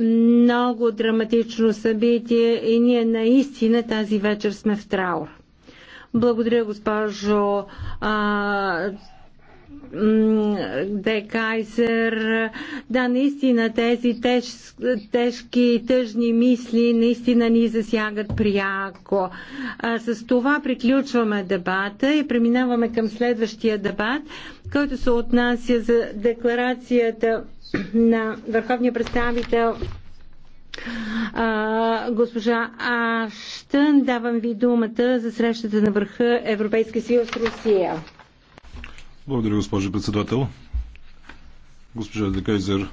много драматично събитие и ние наистина тази вечер сме в траур. Благодаря, госпожо а, Де Кайсер. Да, наистина тези теж, тежки, тъжни мисли наистина ни засягат пряко. А, с това приключваме дебата и преминаваме към следващия дебат, който се отнася за декларацията на върховния представител а, госпожа Аштън, давам ви думата за срещата на върха Европейския съюз с Русия. Благодаря, госпожо председател. Госпожа Декайзер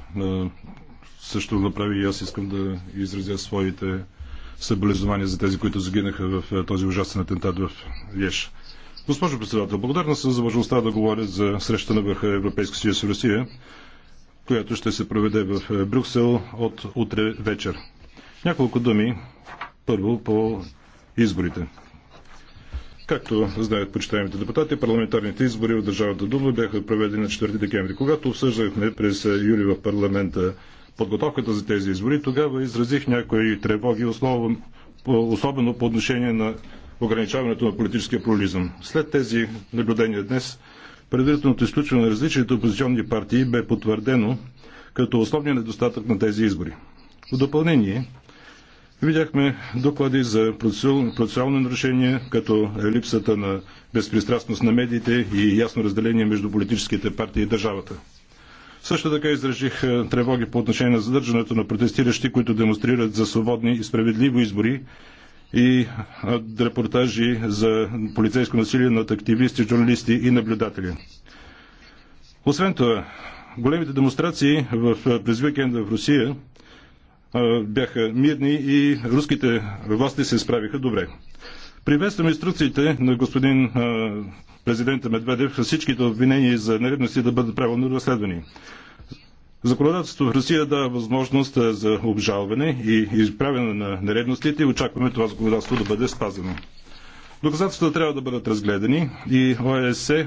също направи и аз искам да изразя своите съболезнования за тези, които загинаха в този ужасен атентат в Еш. Госпожо председател, благодарна съм за възможността да говоря за среща на върха Европейска съюз и Русия, която ще се проведе в е, Брюксел от утре вечер. Няколко думи първо по изборите. Както знаят почитаемите депутати, парламентарните избори в държавата Дума бяха проведени на 4 декември. Когато обсъждахме през е, юли в парламента подготовката за тези избори, тогава изразих някои тревоги, особено по отношение на ограничаването на политическия плурализъм. След тези наблюдения днес Предварителното изключване на различните опозиционни партии бе потвърдено като основния недостатък на тези избори. В допълнение, видяхме доклади за процесуални нарушения, като липсата на безпристрастност на медиите и ясно разделение между политическите партии и държавата. Също така изразих е, тревоги по отношение на задържането на протестиращи, които демонстрират за свободни и справедливи избори и репортажи за полицейско насилие над активисти, журналисти и наблюдатели. Освен това, големите демонстрации в, през уикенда в Русия бяха мирни и руските власти се справиха добре. Приветствам инструкциите на господин президента Медведев всичките обвинения за нередности да бъдат правилно разследвани. Законодателството в Русия дава възможност за обжалване и изправяне на нередностите и очакваме това законодателство да бъде спазено. Доказателствата трябва да бъдат разгледани и ОСС,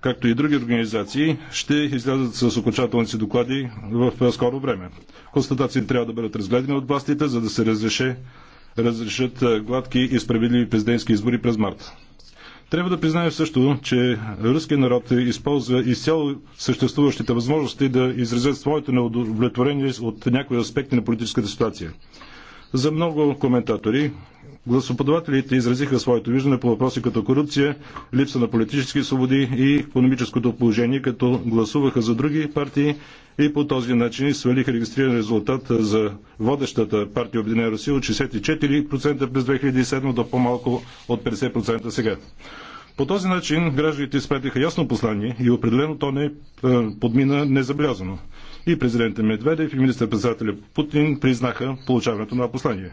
както и други организации, ще излязат с окончателните доклади в скоро време. Констатации трябва да бъдат разгледани от властите, за да се разреши, разрешат гладки и справедливи президентски избори през март. Трябва да признаем също, че руският народ използва изцяло съществуващите възможности да изразят своето неудовлетворение от някои аспекти на политическата ситуация. За много коментатори гласоподавателите изразиха своето виждане по въпроси като корупция, липса на политически свободи и економическото положение, като гласуваха за други партии и по този начин свалиха регистриран резултат за водещата партия Обединена Русия от 64% през 2007 до по-малко от 50% сега. По този начин гражданите изпратиха ясно послание и определено то не е, подмина незабелязано. И президента Медведев и министър-председателя Путин признаха получаването на послание.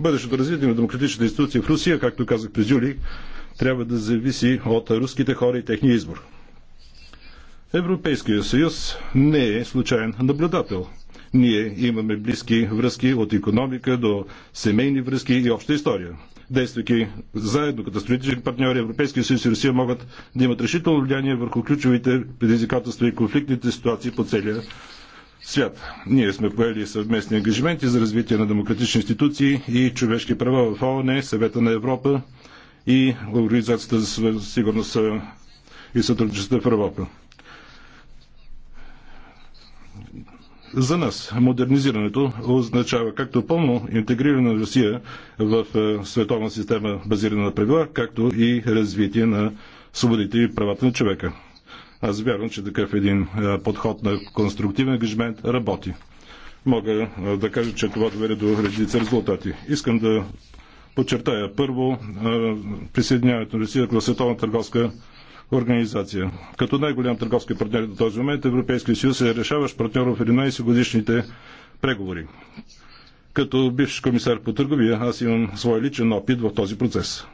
Бъдещото развитие на демократичните институции в Русия, както казах през юли, трябва да зависи от руските хора и техния избор. Европейския съюз не е случайен наблюдател. Ние имаме близки връзки от економика до семейни връзки и обща история. Действайки заедно като стратегически партньори, Европейския съюз и Русия могат да имат решително влияние върху ключовите предизвикателства и конфликтните ситуации по целия свят. Ние сме поели съвместни ангажименти за развитие на демократични институции и човешки права в ООН, Съвета на Европа и Организацията за сигурност и сътрудничество в Европа. За нас модернизирането означава както пълно интегриране на Русия в световна система базирана на правила, както и развитие на свободите и правата на човека. Аз вярвам, че такъв един е, подход на конструктивен ангажимент работи. Мога е, да кажа, че това доведе до редица резултати. Искам да подчертая първо е, присъединяването на Русия към Световната търговска организация. Като най-голям търговски партньор до този момент Европейския съюз е решаващ партньор в 11 годишните преговори. Като бивш комисар по търговия, аз имам свой личен опит в този процес.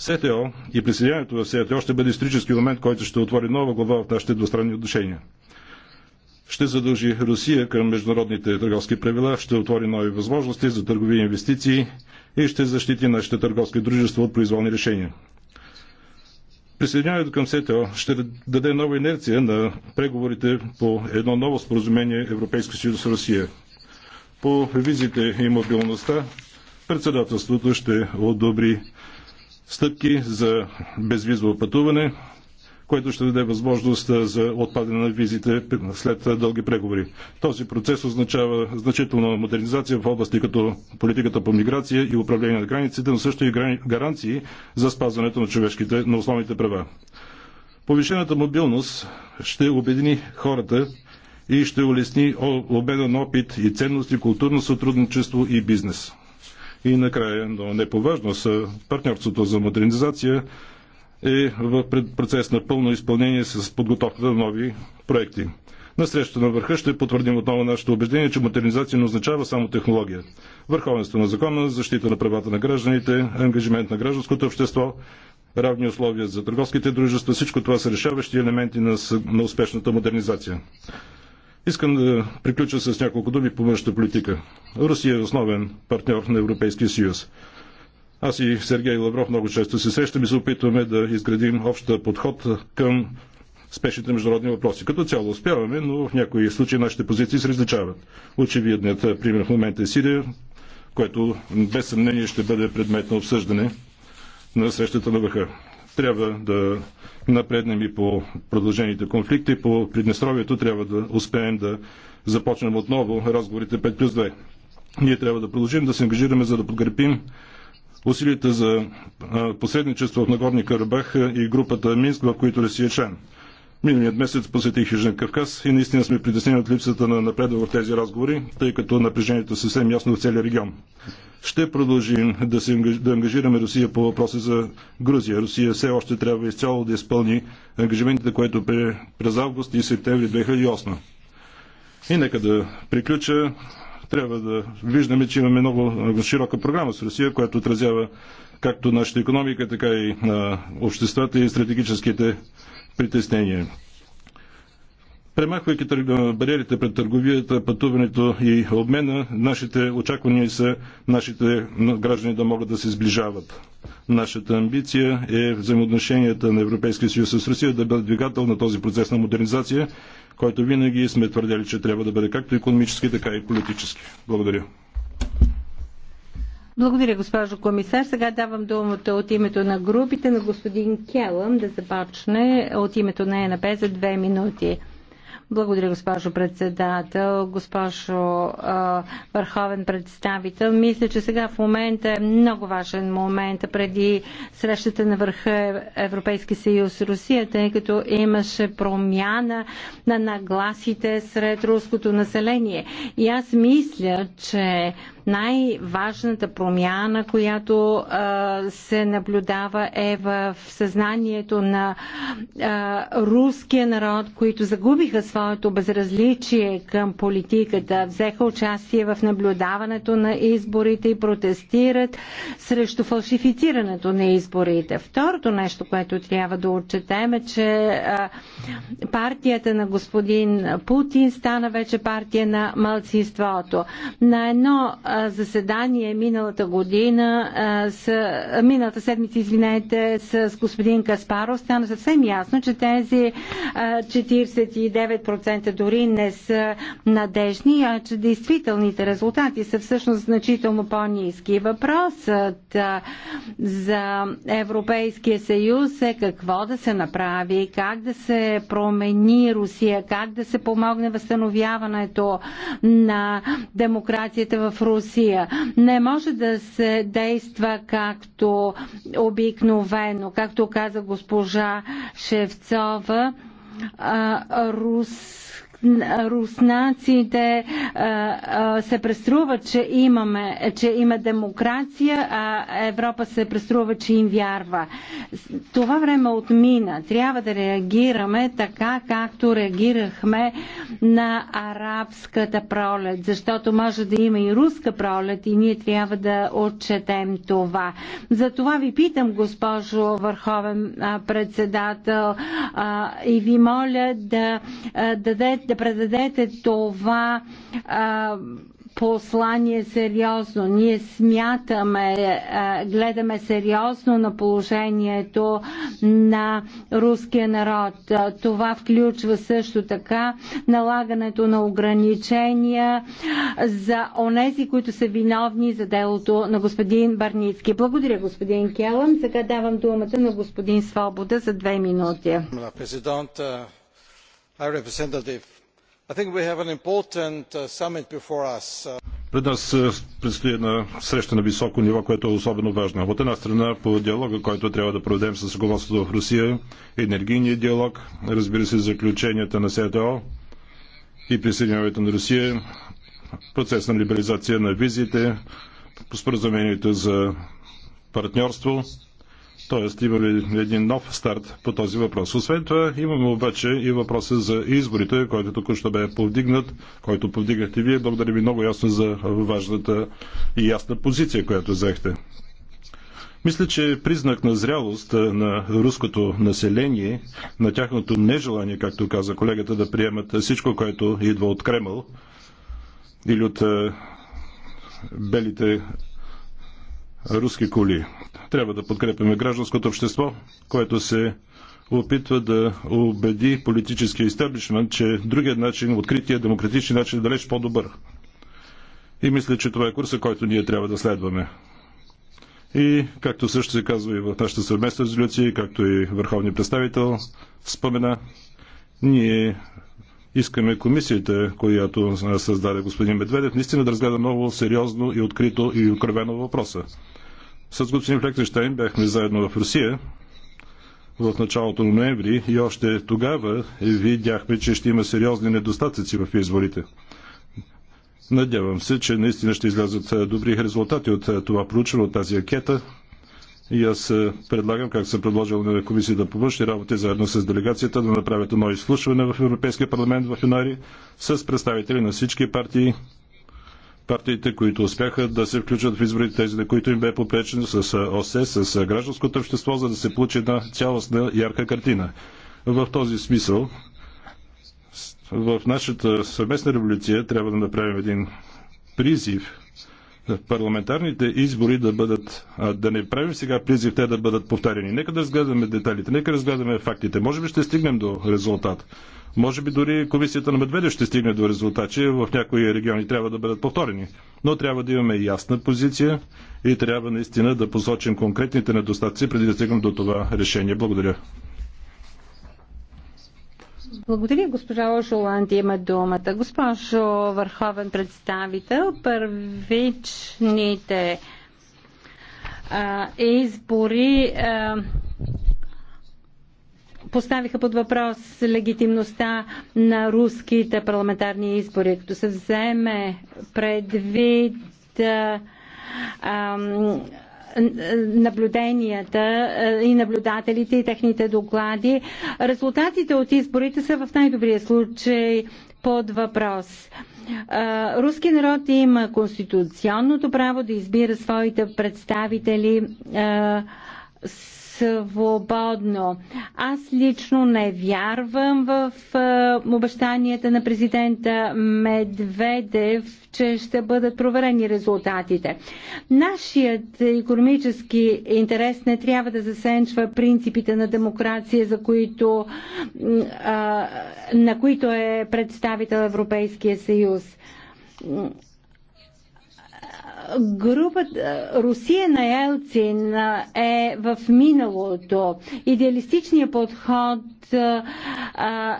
СТО и присъединяването в СТО ще бъде исторически момент, който ще отвори нова глава в нашите двустранни отношения. Ще задължи Русия към международните търговски правила, ще отвори нови възможности за търгови инвестиции и ще защити нашите търговски дружества от произволни решения. Присъединяването към СТО ще даде нова инерция на преговорите по едно ново споразумение Европейски съюз с Русия. По визите и мобилността председателството ще одобри стъпки за безвизово пътуване, което ще даде възможност за отпадане на визите след дълги преговори. Този процес означава значителна модернизация в области като политиката по миграция и управление на границите, но също и гаранции за спазването на човешките, на основните права. Повишената мобилност ще обедини хората и ще улесни обеден на опит и ценности, културно сътрудничество и бизнес. И накрая, но не по важност, партньорството за модернизация е в процес на пълно изпълнение с подготовката на нови проекти. На срещата на върха ще потвърдим отново нашето убеждение, че модернизация не означава само технология. Върховенство на закона, защита на правата на гражданите, ангажимент на гражданското общество, равни условия за търговските дружества, всичко това са решаващи елементи на, на успешната модернизация. Искам да приключа с няколко думи по външната политика. Русия е основен партньор на Европейския съюз. Аз и Сергей Лавров много често се срещаме и се опитваме да изградим обща подход към спешните международни въпроси. Като цяло успяваме, но в някои случаи нашите позиции се различават. Очевидният е, пример в момента е Сирия, което без съмнение ще бъде предмет на обсъждане на срещата на върха трябва да напреднем и по продължените конфликти. По Приднестровието трябва да успеем да започнем отново разговорите 5 плюс 2. Ние трябва да продължим да се ангажираме, за да подкрепим усилията за посредничество от Нагорни Карабах и групата Минск, в които Русия е член. Миналият месец посетих Южен Кавказ и наистина сме притеснени от липсата на напредък в тези разговори, тъй като напрежението е съвсем ясно в целия регион. Ще продължим да, се, да ангажираме Русия по въпроса за Грузия. Русия все още трябва изцяло да изпълни ангажиментите, което пре, през август и септември 2008. И нека да приключа. Трябва да виждаме, че имаме много широка програма с Русия, която отразява както нашата економика, така и на обществата и стратегическите притеснение. Премахвайки бариерите пред търговията, пътуването и обмена, нашите очаквания са нашите граждани да могат да се сближават. Нашата амбиция е взаимоотношенията на Европейския съюз с Русия да бъде двигател на този процес на модернизация, който винаги сме твърдели, че трябва да бъде както економически, така и политически. Благодаря. Благодаря, госпожо комисар. Сега давам думата от името на групите на господин Келъм да започне от името на ЕНП за две минути. Благодаря, госпожо председател, госпожо а, върховен представител. Мисля, че сега в момента е много важен момент преди срещата на върха Европейски съюз Русия, тъй като имаше промяна на нагласите сред руското население. И аз мисля, че най-важната промяна, която а, се наблюдава е в съзнанието на а, руския народ, които загубиха своето безразличие към политиката, взеха участие в наблюдаването на изборите и протестират срещу фалшифицирането на изборите. Второто нещо, което трябва да отчетем е, че а, партията на господин Путин стана вече партия на малцинството. На едно а, заседание миналата година, с, миналата седмица, извинете, с господин Каспаров, стана съвсем ясно, че тези 49% дори не са надежни, а че действителните резултати са всъщност значително по-низки. Въпросът за Европейския съюз е какво да се направи, как да се промени Русия, как да се помогне възстановяването на демокрацията в Русия, Русия. Не може да се действа както обикновено, както каза госпожа Шевцова, рус руснаците е, е, се преструват, че, имаме, че има демокрация, а Европа се преструва, че им вярва. Това време отмина. Трябва да реагираме така, както реагирахме на арабската пролет, защото може да има и руска пролет и ние трябва да отчетем това. За това ви питам, госпожо Върховен председател, и ви моля да дадете да предадете това а, послание сериозно. Ние смятаме, гледаме сериозно на положението на руския народ. Това включва също така налагането на ограничения за онези, които са виновни за делото на господин Барницки. Благодаря, господин Келан. Сега давам думата на господин Свобода за две минути. Президент, Uh, uh. Пред нас е, предстои една среща на високо ниво, което е особено важно. От една страна по диалога, който трябва да проведем с ръководството в Русия, енергийния диалог, разбира се, заключенията на СТО и присъединяването на Русия, процес на либерализация на визите, споразумението за партньорство – Тоест имаме един нов старт по този въпрос. Освен това имаме обаче и въпроса за изборите, който току-що бе повдигнат, който повдигнахте вие. Благодаря ви много ясно за важната и ясна позиция, която взехте. Мисля, че признак на зрялост на руското население, на тяхното нежелание, както каза колегата, да приемат всичко, което идва от Кремъл или от белите руски коли. Трябва да подкрепяме гражданското общество, което се опитва да убеди политическия истеблишмент, че другият начин, открития демократичен начин е далеч по-добър. И мисля, че това е курса, който ние трябва да следваме. И, както също се казва и в нашата съвместна резолюция, както и върховният представител спомена, ние Искаме комисията, която създаде господин Медведев, наистина да разгледа много сериозно и открито и откровено въпроса. С господин Флекнещайн бяхме заедно в Русия в началото на ноември и още тогава видяхме, че ще има сериозни недостатъци в изборите. Надявам се, че наистина ще излязат добри резултати от това проучване, от тази анкета, и аз е, предлагам, как съм предложил на Комисията по външни работи, заедно с делегацията, да направят едно изслушване в Европейския парламент в Юнари с представители на всички партии, партиите, които успяха да се включат в изборите, тези, на които им бе попречено с е, ОСЕ, с е, гражданското общество, за да се получи една цялостна ярка картина. В този смисъл, в нашата съвместна революция трябва да направим един призив парламентарните избори да бъдат, да не правим сега призив те да бъдат повторени. Нека да разгледаме деталите, нека разгледаме фактите. Може би ще стигнем до резултат. Може би дори комисията на Медведев ще стигне до резултат, че в някои региони трябва да бъдат повторени. Но трябва да имаме ясна позиция и трябва наистина да посочим конкретните недостатъци преди да стигнем до това решение. Благодаря. Благодаря, госпожа Ожоланди има думата. Госпожо Върховен представител, първичните а, избори а, поставиха под въпрос легитимността на руските парламентарни избори. Като се вземе предвид а, а, наблюденията е, и наблюдателите и техните доклади. Резултатите от изборите са в най-добрия случай под въпрос. Е, руски народ има конституционното право да избира своите представители е, с свободно. Аз лично не вярвам в обещанията на президента Медведев, че ще бъдат проверени резултатите. Нашият економически интерес не трябва да засенчва принципите на демокрация, за които, на които е представител Европейския съюз Групата Русия на Елцин е в миналото. Идеалистичният подход а,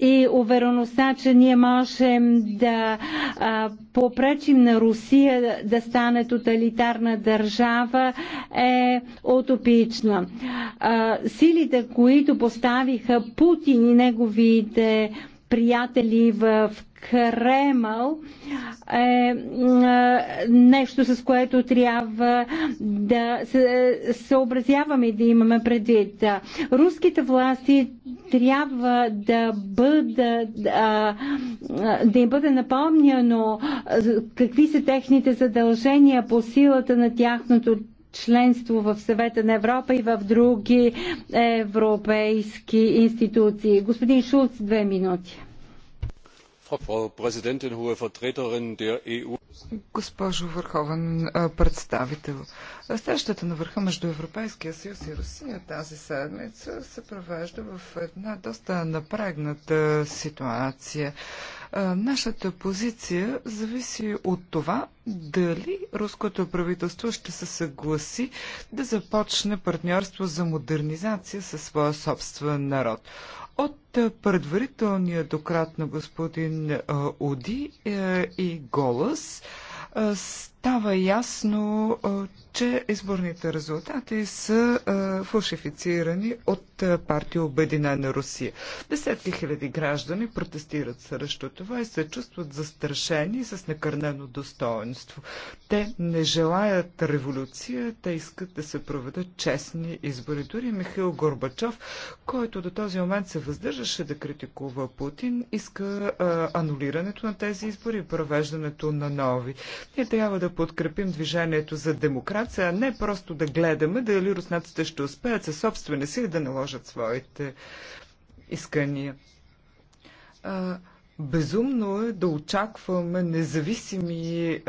и увереността, че ние можем да а, попречим на Русия да стане тоталитарна държава е утопична. А, силите, които поставиха Путин и неговите приятели в Кремъл е нещо, с което трябва да съобразяваме и да имаме предвид. Руските власти трябва да бъдат да им бъде напомняно какви са техните задължения по силата на тяхното членство в съвета на Европа и в други европейски институции. Господин Шулц, две минути. E Госпожо Върховен представител, срещата на върха между Европейския съюз и Русия тази седмица се провежда в една доста напрегната ситуация. Нашата позиция зависи от това дали руското правителство ще се съгласи да започне партньорство за модернизация със своя собствен народ от предварителния дократ на господин Уди е, и Голас с става ясно, че изборните резултати са фалшифицирани от партия Обединена Русия. Десетки хиляди граждани протестират срещу това и се чувстват застрашени с накърнено достоинство. Те не желаят революция, те искат да се проведат честни избори. Дори Михаил Горбачов, който до този момент се въздържаше да критикува Путин, иска анулирането на тези избори и провеждането на нови. Ние трябва да да подкрепим движението за демокрация, а не просто да гледаме дали руснаците ще успеят със собствени сили да наложат своите искания. Безумно е да очакваме независими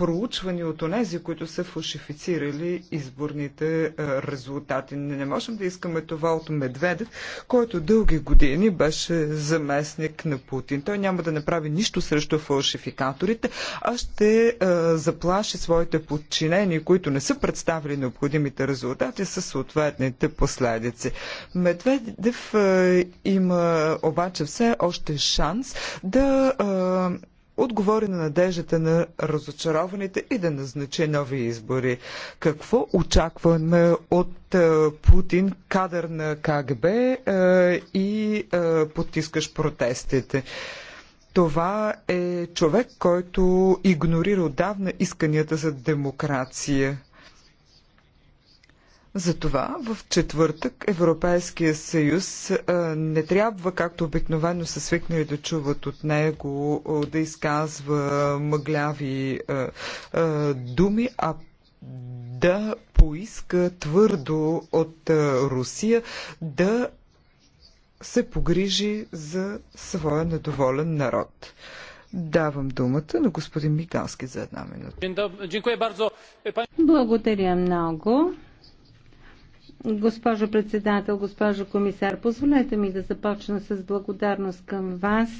проучвани от онези, които са фалшифицирали изборните е, резултати. Не можем да искаме това от Медведев, който дълги години беше заместник на Путин. Той няма да направи нищо срещу фалшификаторите, а ще е, заплаши своите подчинени, които не са представили необходимите резултати, със съответните последици. Медведев е, има обаче все още шанс да отговори на надеждата на разочарованите и да назначи нови избори. Какво очакваме от е, Путин, кадър на КГБ е, и е, потискаш протестите? Това е човек, който игнорира отдавна исканията за демокрация. Затова в четвъртък Европейския съюз не трябва, както обикновено са свикнали да чуват от него, да изказва мъгляви думи, а да поиска твърдо от Русия да се погрижи за своя недоволен народ. Давам думата на господин Мигански за една минута. Благодаря много. Госпожо председател, госпожо комисар, позволете ми да започна с благодарност към вас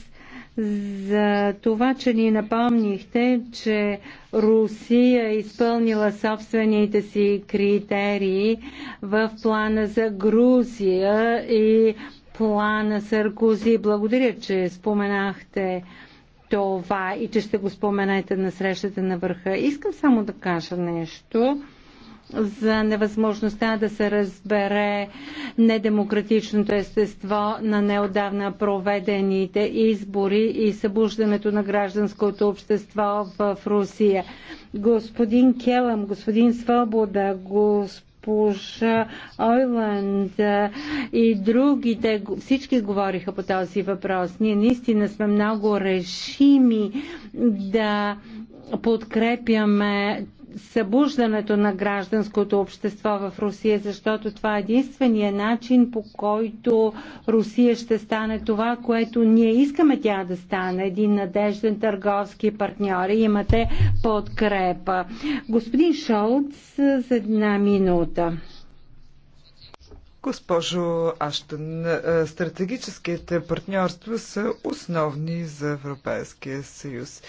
за това, че ни напомнихте, че Русия е изпълнила собствените си критерии в плана за Грузия и плана Саркози. Благодаря, че споменахте това и че ще го споменете на срещата на върха. Искам само да кажа нещо за невъзможността да се разбере недемократичното естество на неодавна проведените избори и събуждането на гражданското общество в Русия. Господин Келъм, господин Свобода, господин Пуша, Ойланд и другите, всички говориха по този въпрос. Ние наистина сме много решими да подкрепяме събуждането на гражданското общество в Русия, защото това е единствения начин по който Русия ще стане това, което ние искаме тя да стане. Един надежден търговски партньор. И имате подкрепа. Господин Шолц, за една минута. Госпожо Аштън, стратегическите партньорства са основни за Европейския съюз.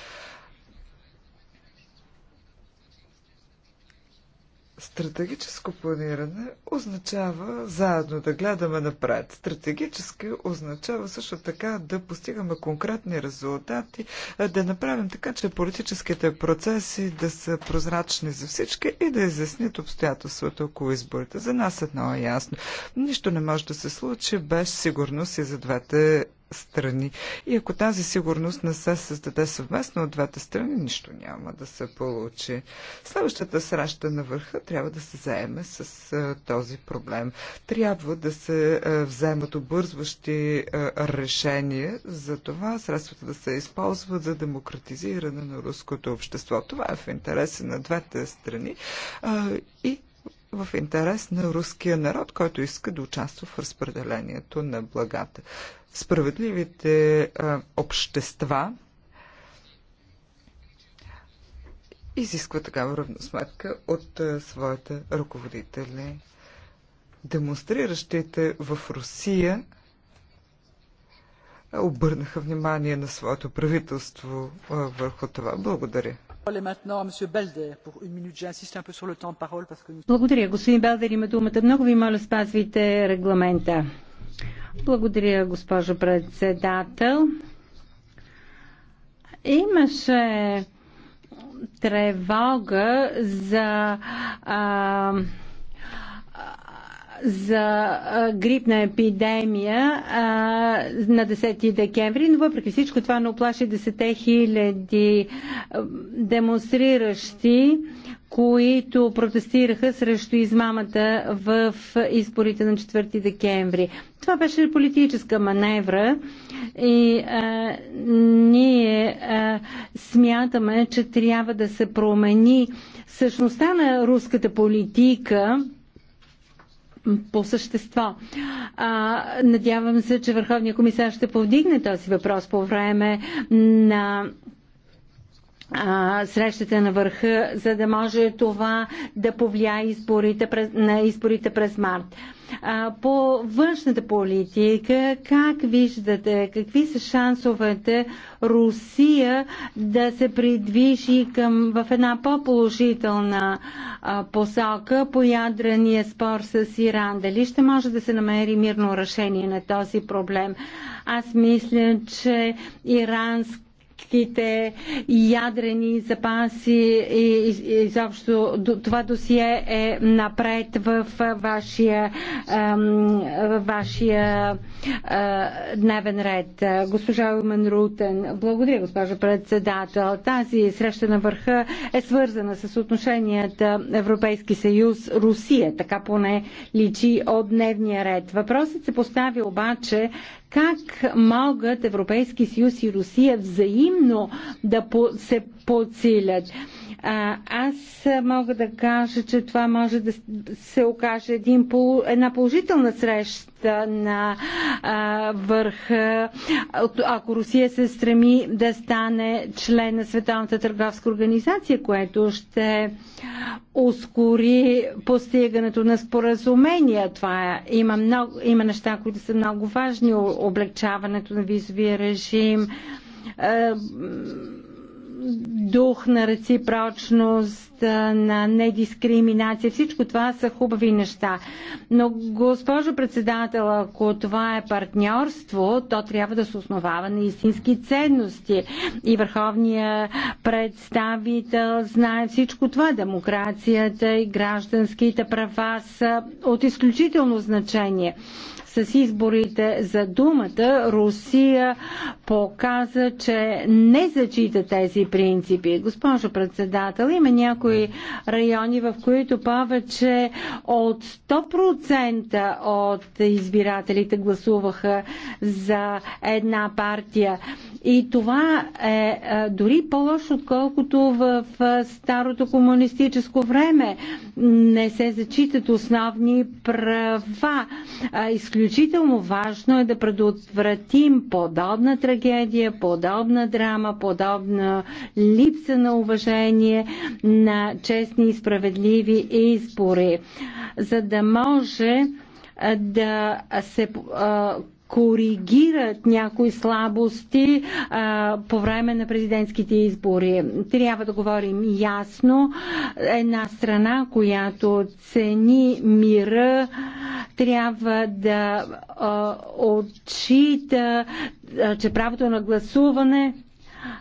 Стратегическо планиране означава заедно да гледаме напред. Стратегически означава също така да постигаме конкретни резултати, да направим така, че политическите процеси да са прозрачни за всички и да изяснят обстоятелствата около изборите. За нас едно е ясно. Нищо не може да се случи без сигурност и за двете страни. И ако тази сигурност не се създаде съвместно от двете страни, нищо няма да се получи. Следващата среща на върха трябва да се заеме с а, този проблем. Трябва да се а, вземат обързващи а, решения за това средствата да се използват за демократизиране на руското общество. Това е в интереса на двете страни а, и в интерес на руския народ, който иска да участва в разпределението на благата. Справедливите а, общества изисква такава равносметка от а, своите ръководители. Демонстриращите в Русия обърнаха внимание на своето правителство а, върху това. Благодаря. Благодаря. Господин Белдер има думата. Много ви моля, спазвайте регламента. Благодаря, госпожо председател. Имаше тревога за а, за грипна епидемия а, на 10 декември, но въпреки всичко това не оплаши 10 хиляди демонстриращи, които протестираха срещу измамата в изборите на 4 декември. Това беше политическа маневра и а, ние а, смятаме, че трябва да се промени същността на руската политика по същество. А, надявам се, че Върховният комисар ще повдигне този въпрос по време на срещата на върха, за да може това да повлия изборите през, на изборите през март. А, по външната политика, как виждате, какви са шансовете Русия да се придвижи към, в една по-положителна посока по ядрения спор с Иран? Дали ще може да се намери мирно решение на този проблем? Аз мисля, че иранска руските ядрени запаси и изобщо това досие е напред в вашия, в вашия дневен ред. Госпожа Умен Рутен, благодаря, госпожа председател. Тази среща на върха е свързана с отношенията Европейски съюз Русия, така поне личи от дневния ред. Въпросът се поставя обаче как могат Европейски съюз и Русия взаимно да се подсилят? А, аз мога да кажа, че това може да се окаже един, една положителна среща на а, върха, ако Русия се стреми да стане член на Световната търговска организация, което ще ускори постигането на споразумения. Това е, има, много, има неща, които са много важни. Облегчаването на визовия режим, дух на реципрочност, на недискриминация. Всичко това са хубави неща. Но, госпожо председател, ако това е партньорство, то трябва да се основава на истински ценности. И върховния представител знае всичко това. Демокрацията и гражданските права са от изключително значение с изборите за думата, Русия показа, че не зачита тези принципи. Госпожо председател, има някои райони, в които повече от 100% от избирателите гласуваха за една партия. И това е, е дори по-лошо, отколкото в старото комунистическо време. Не се зачитат основни права. Изключително Изключително важно е да предотвратим подобна трагедия, подобна драма, подобна липса на уважение на честни и справедливи избори, за да може да се коригират някои слабости а, по време на президентските избори. Трябва да говорим ясно. Една страна, която цени мира, трябва да а, отчита, а, че правото на гласуване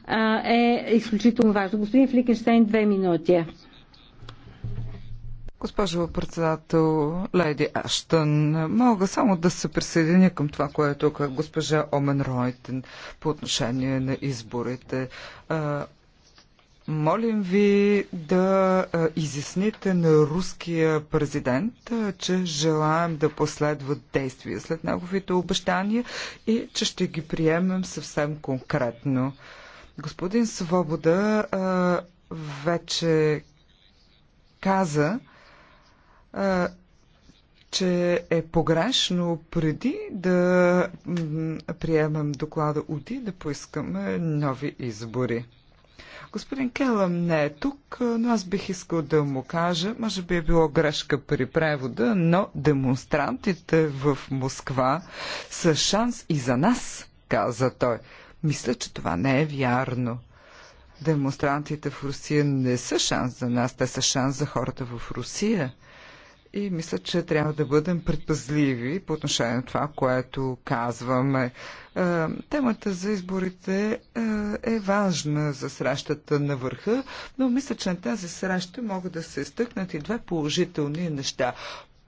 а, е изключително важно. Господин Фликенштейн, две минути. Госпожо председател, леди Аштън, мога само да се присъединя към това, което е госпожа Омен Ройтен по отношение на изборите. Молим ви да изясните на руския президент, че желаем да последват действия след неговите обещания и че ще ги приемем съвсем конкретно. Господин Свобода вече каза, че е погрешно преди да приемам доклада УДИ да поискаме нови избори. Господин Келъм не е тук, но аз бих искал да му кажа, може би е било грешка при превода, но демонстрантите в Москва са шанс и за нас, каза той. Мисля, че това не е вярно. Демонстрантите в Русия не са шанс за нас, те са шанс за хората в Русия. И мисля, че трябва да бъдем предпазливи по отношение на това, което казваме. Е, темата за изборите е, е важна за срещата на върха, но мисля, че на тази среща могат да се изтъкнат и две положителни неща.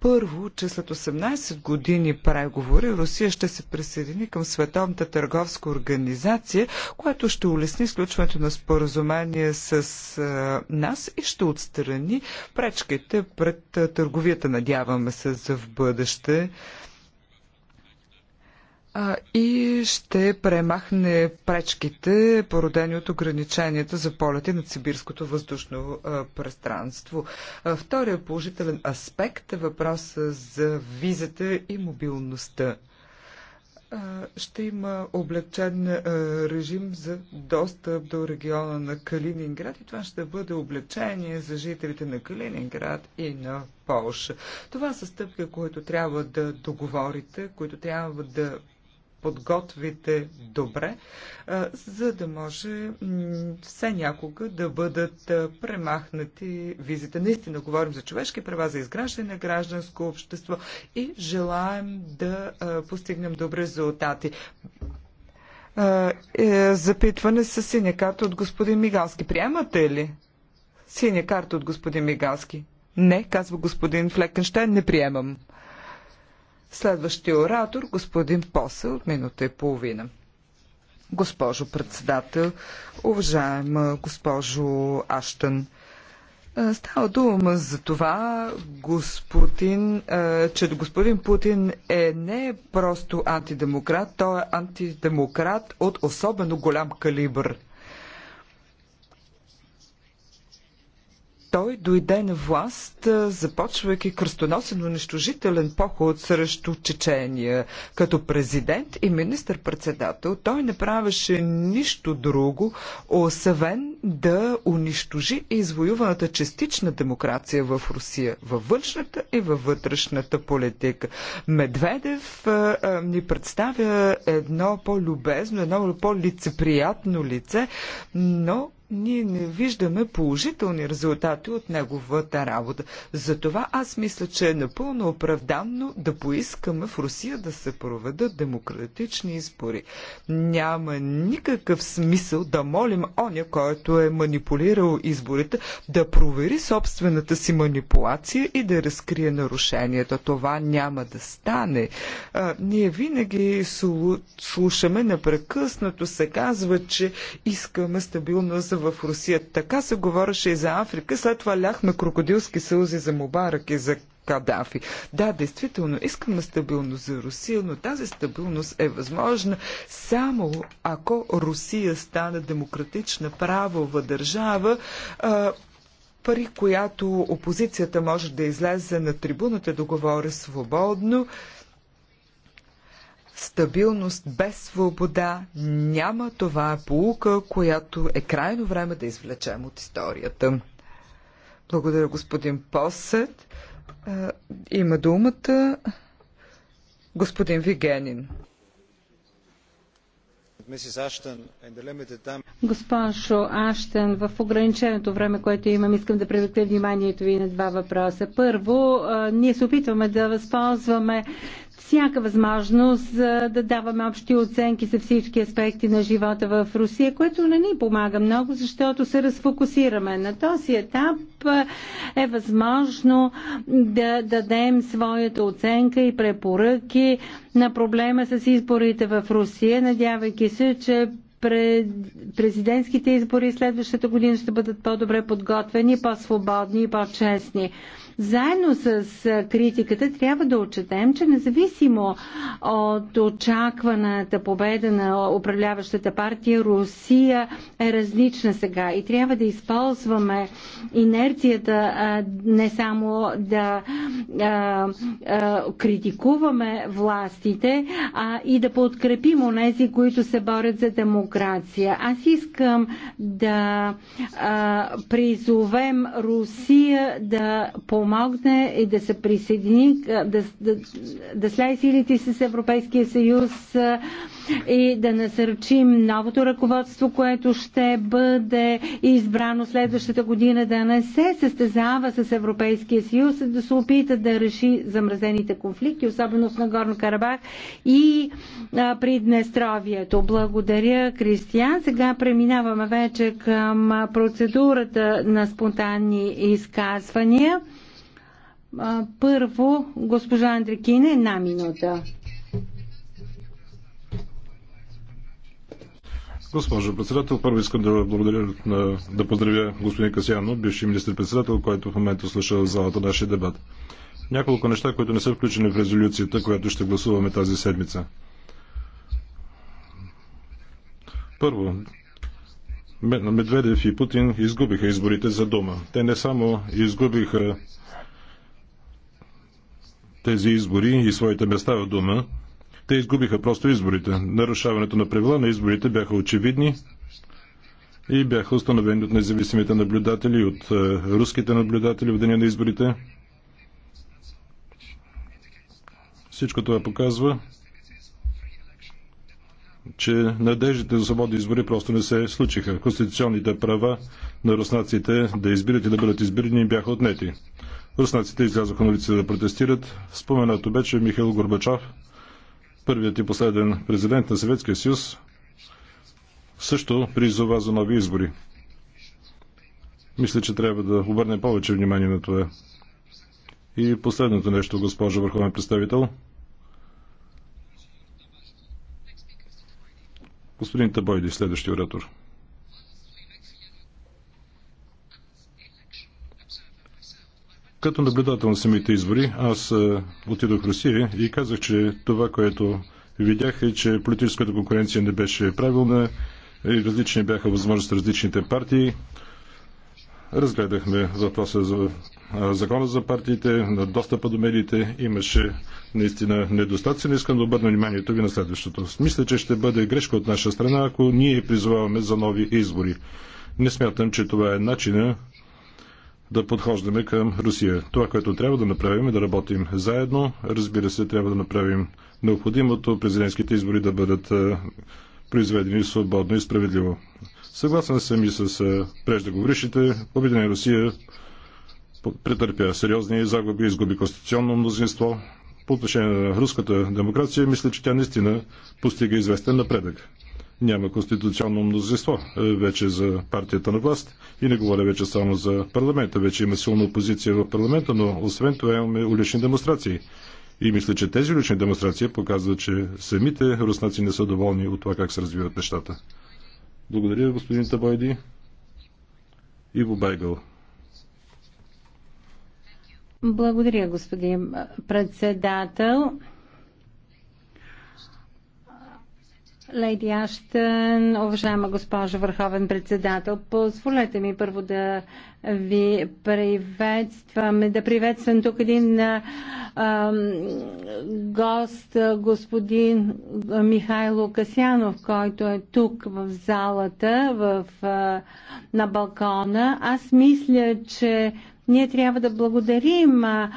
Първо, че след 18 години преговори Русия ще се присъедини към Световната търговска организация, която ще улесни сключването на споразумение с нас и ще отстрани пречките пред търговията, надяваме се, за в бъдеще и ще премахне пречките, породени от ограниченията за полети на сибирското въздушно пространство. Втория положителен аспект е въпроса за визата и мобилността. Ще има облегчен режим за достъп до региона на Калининград и това ще бъде облегчение за жителите на Калининград и на Полша. Това са стъпки, които трябва да договорите, които трябва да подготвите добре, за да може все някога да бъдат премахнати визите. Наистина говорим за човешки права, за изграждане на гражданско общество и желаем да постигнем добри резултати. Е, запитване с синя карта от господин Мигалски. Приемате ли синя карта от господин Мигалски? Не, казва господин Флекенштайн, не приемам. Следващия оратор, господин Посе от минута и половина. Госпожо председател, уважаема госпожо Аштън, Става дума за това, господин, че господин Путин е не просто антидемократ, той е антидемократ от особено голям калибър. той дойде на власт, започвайки кръстоносен унищожителен поход срещу Чечения. Като президент и министр-председател той не правеше нищо друго, освен да унищожи извоюваната частична демокрация в Русия, във външната и във вътрешната политика. Медведев а, а, ни представя едно по-любезно, едно по-лицеприятно лице, но ние не виждаме положителни резултати от неговата работа. Затова аз мисля, че е напълно оправданно да поискаме в Русия да се проведат демократични избори. Няма никакъв смисъл да молим оня, който е манипулирал изборите, да провери собствената си манипулация и да разкрие нарушенията. Това няма да стане. А, ние винаги слушаме непрекъснато се казва, че искаме стабилност в Русия. Така се говореше и за Африка. След това ляхме крокодилски сълзи за Мубарак и за Кадафи. Да, действително, искаме стабилност за Русия, но тази стабилност е възможна само ако Русия стане демократична правова държава, при която опозицията може да излезе на трибуната да говори свободно, стабилност без свобода няма. Това полука, която е крайно време да извлечем от историята. Благодаря, господин Посет. Има думата господин Вигенин. Госпожо Аштен, в ограниченото време, което имам, искам да привлека вниманието ви на два въпроса. Първо, ние се опитваме да възползваме всяка възможност за да даваме общи оценки за всички аспекти на живота в Русия, което не ни помага много, защото се разфокусираме. На този етап е възможно да дадем своята оценка и препоръки на проблема с изборите в Русия, надявайки се, че президентските избори следващата година ще бъдат по-добре подготвени, по-свободни и по-честни. Заедно с критиката трябва да отчетем, че независимо от очакваната победа на управляващата партия, Русия е различна сега и трябва да използваме инерцията не само да критикуваме властите, а и да подкрепим онези, които се борят за демокрация. Аз искам да призовем Русия да помогне помогне и да се присъедини, да, да, да сляе силите с Европейския съюз и да насърчим новото ръководство, което ще бъде избрано следващата година, да не се състезава с Европейския съюз, да се опита да реши замразените конфликти, особено с Нагорно Карабах и а, при Днестровието. Благодаря, Кристиян. Сега преминаваме вече към процедурата на спонтанни изказвания. Първо, госпожа Андрекина, една минута. Госпожо председател, първо искам да благодаря, да поздравя господин Касиано, бивши министр-председател, който в момента слуша в залата нашия дебат. Няколко неща, които не са включени в резолюцията, която ще гласуваме тази седмица. Първо, Медведев и Путин изгубиха изборите за дома. Те не само изгубиха тези избори и своите места в дума. Те изгубиха просто изборите. Нарушаването на правила на изборите бяха очевидни и бяха установени от независимите наблюдатели, от е, руските наблюдатели в деня на изборите. Всичко това показва, че надеждите за свободни избори просто не се случиха. Конституционните права на руснаците да избират и да бъдат избирани бяха отнети руснаците излязоха на улица да протестират. Споменато бе, че Михаил Горбачов, първият и последен президент на Съветския съюз, също призова за нови избори. Мисля, че трябва да обърнем повече внимание на това. И последното нещо, госпожо Върховен представител. Господин Табойди, следващия оратор. Като наблюдател на самите избори, аз е, отидох в Русия и казах, че това, което видях е, че политическата конкуренция не беше правилна и различни бяха възможности различните партии. Разгледахме въпроса за закона за партиите, на достъпа до медиите. Имаше наистина недостатъци, Не искам да обърна вниманието ви на следващото. Мисля, че ще бъде грешка от наша страна, ако ние призоваваме за нови избори. Не смятам, че това е начина да подхождаме към Русия. Това, което трябва да направим е да работим заедно. Разбира се, трябва да направим необходимото президентските избори да бъдат произведени свободно и справедливо. Съгласен съм и с преждеговорившите. Обединена Русия претърпя сериозни загуби, изгуби конституционно мнозинство. По отношение на руската демокрация, мисля, че тя наистина постига известен напредък няма конституционно мнозинство е, вече за партията на власт и не говоря вече само за парламента. Вече има силна опозиция в парламента, но освен това имаме улични демонстрации. И мисля, че тези улични демонстрации показват, че самите руснаци не са доволни от това как се развиват нещата. Благодаря, господин Табойди. Иво Байгъл. Благодаря, господин председател. Лейди Аштън, уважаема госпожо Върховен председател, позволете ми първо да ви приветствам, да приветствам тук един а, гост, господин Михайло Касянов, който е тук в залата, в, а, на балкона. Аз мисля, че ние трябва да благодарим а,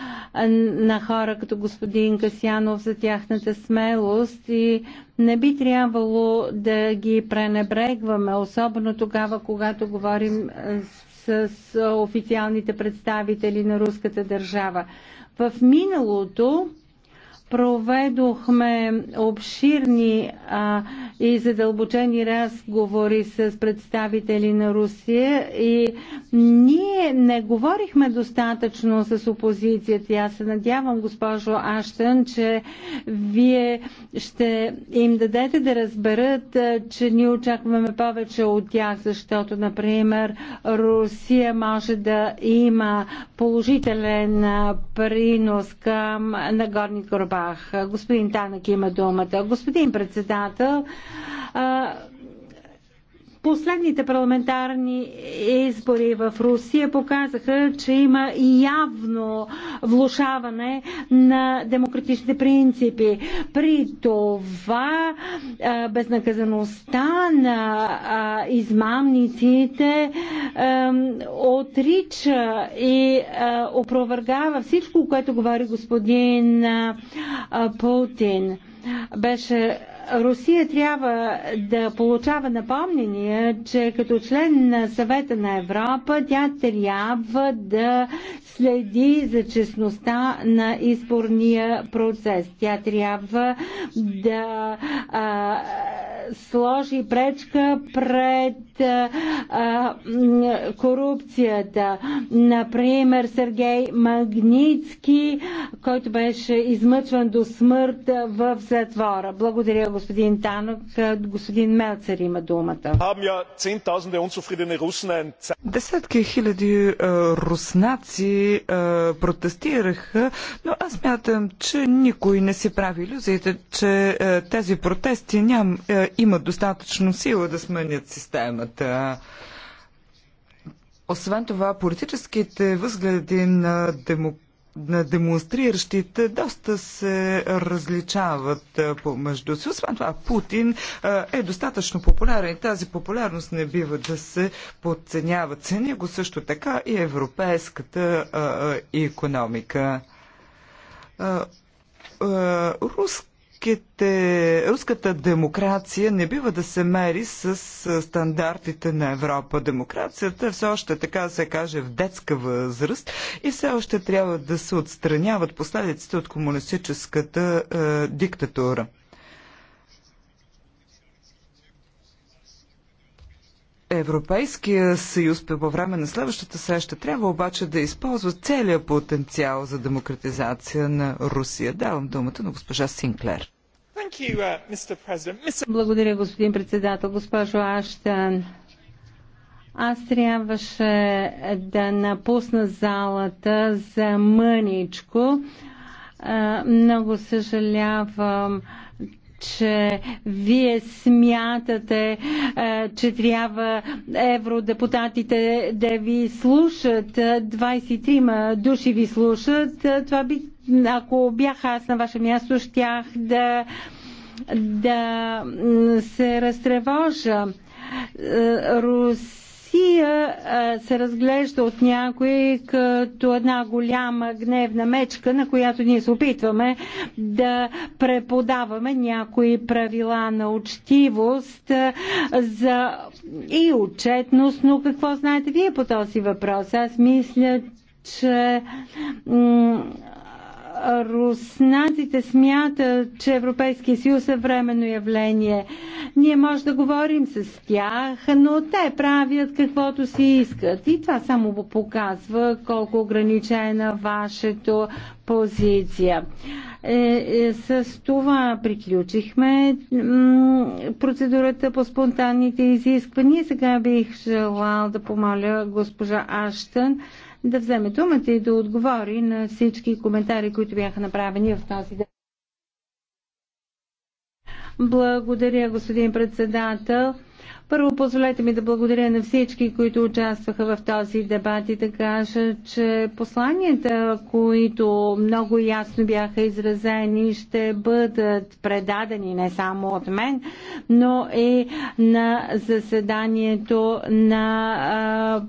на хора като господин Касянов за тяхната смелост и не би трябвало да ги пренебрегваме, особено тогава, когато говорим с, с официалните представители на руската държава. В миналото проведохме обширни а, и задълбочени разговори с представители на Русия и ние не говорихме достатъчно с опозицията. Аз се надявам, госпожо Аштън, че вие ще им дадете да разберат, че ние очакваме повече от тях, защото, например, Русия може да има положителен принос към Нагорни Карабах Карабах. Господин Танък има думата. Господин председател, Последните парламентарни избори в Русия показаха, че има явно влушаване на демократичните принципи. При това безнаказаността на измамниците отрича и опровергава всичко, което говори господин Путин. Беше Русия трябва да получава напомнение, че като член на съвета на Европа тя трябва да следи за честността на изборния процес. Тя трябва да а, сложи пречка пред а, корупцията. Например, Сергей Магницки, който беше измъчван до смърт в затвора. Благодаря, господин Танок. Господин Мелцер има думата. Десетки хиляди е, руснаци е, протестираха, но аз мятам, че никой не си прави иллюзията, че е, тези протести ням, имат достатъчно сила да сменят системата темата. Освен това, политическите възгледи на, демо, на демонстриращите доста се различават помежду си. Освен това, Путин е достатъчно популярен и тази популярност не бива да се подценява. Цени го също така и европейската економика. руск руските, руската демокрация не бива да се мери с стандартите на Европа. Демокрацията все още, така да се каже, в детска възраст и все още трябва да се отстраняват последиците от комунистическата е, диктатура. Европейския съюз по време на следващата среща трябва обаче да използва целият потенциал за демократизация на Русия. Давам думата на госпожа Синклер. Uh, Благодаря, господин председател. Госпожо Аштан, аз трябваше да напусна залата за мъничко. Много съжалявам, че вие смятате, е, че трябва евродепутатите да ви слушат. 23 е, души ви слушат. Е, това би, ако бях аз на ваше място, щях да, да се разтревожа. Рус Русия се разглежда от някои като една голяма гневна мечка, на която ние се опитваме да преподаваме някои правила на учтивост за и отчетност, но какво знаете вие по този въпрос? Аз мисля, че руснаците смятат, че Европейския съюз е временно явление. Ние може да говорим с тях, но те правят каквото си искат. И това само показва колко ограничена вашето позиция. Е, е, с това приключихме процедурата по спонтанните изисквания. Сега бих желал да помоля госпожа Аштън да вземе думата и да отговори на всички коментари, които бяха направени в този ден. Благодаря, господин председател. Първо позволете ми да благодаря на всички, които участваха в този дебат и да кажа, че посланията, които много ясно бяха изразени, ще бъдат предадени не само от мен, но и на заседанието на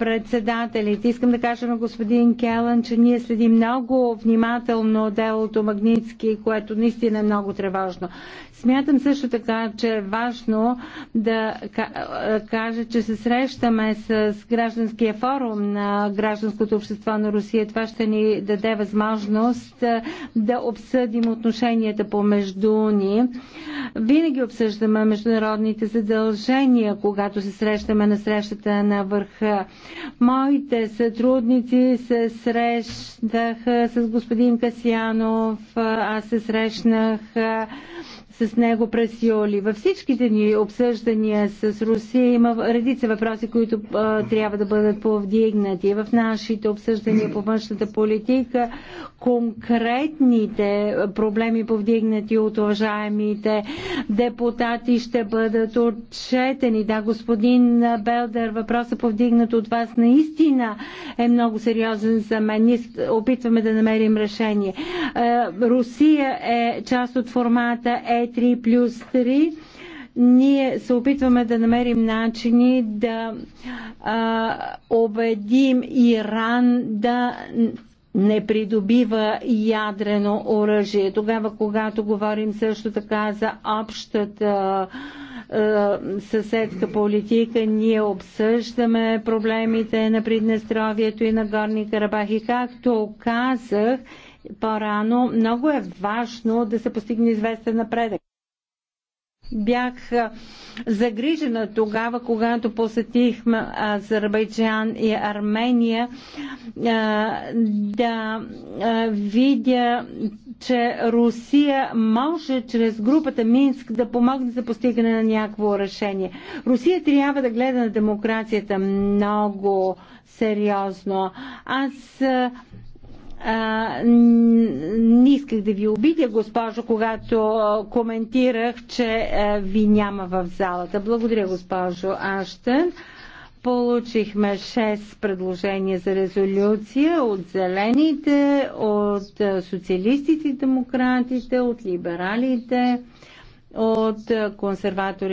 председателите. Искам да кажа на господин Келън, че ние следим много внимателно делото Магницки, което наистина е много тревожно. Смятам също така, че е важно да кажа, че се срещаме с гражданския форум на гражданското общество на Русия. Това ще ни даде възможност да обсъдим отношенията помежду ни. Винаги обсъждаме международните задължения, когато се срещаме на срещата на върха Моите сътрудници се срещнаха с господин Касянов, аз се срещнах с него през юли. Във всичките ни обсъждания с Русия има редица въпроси, които а, трябва да бъдат повдигнати. В нашите обсъждания по външната политика конкретните проблеми, повдигнати от уважаемите депутати, ще бъдат отчетени. Да, господин Белдер, въпросът повдигнат от вас наистина е много сериозен за мен. Ние опитваме да намерим решение. Русия е част от формата е 3 плюс 3 ние се опитваме да намерим начини да а, убедим Иран да не придобива ядрено оръжие. Тогава, когато говорим също така за общата съседска политика, ние обсъждаме проблемите на Приднестровието и на Горни Карабахи. Както казах, по-рано, много е важно да се постигне известен напредък. Бях загрижена тогава, когато посетихме Азербайджан и Армения, да видя, че Русия може чрез групата Минск да помогне за постигане на някакво решение. Русия трябва да гледа на демокрацията много сериозно. Аз а, не исках да ви обидя, госпожо, когато коментирах, че ви няма в залата. Благодаря, госпожо Аштън. Получихме 6 предложения за резолюция от зелените, от социалистите и демократите, от либералите, от консерваторите.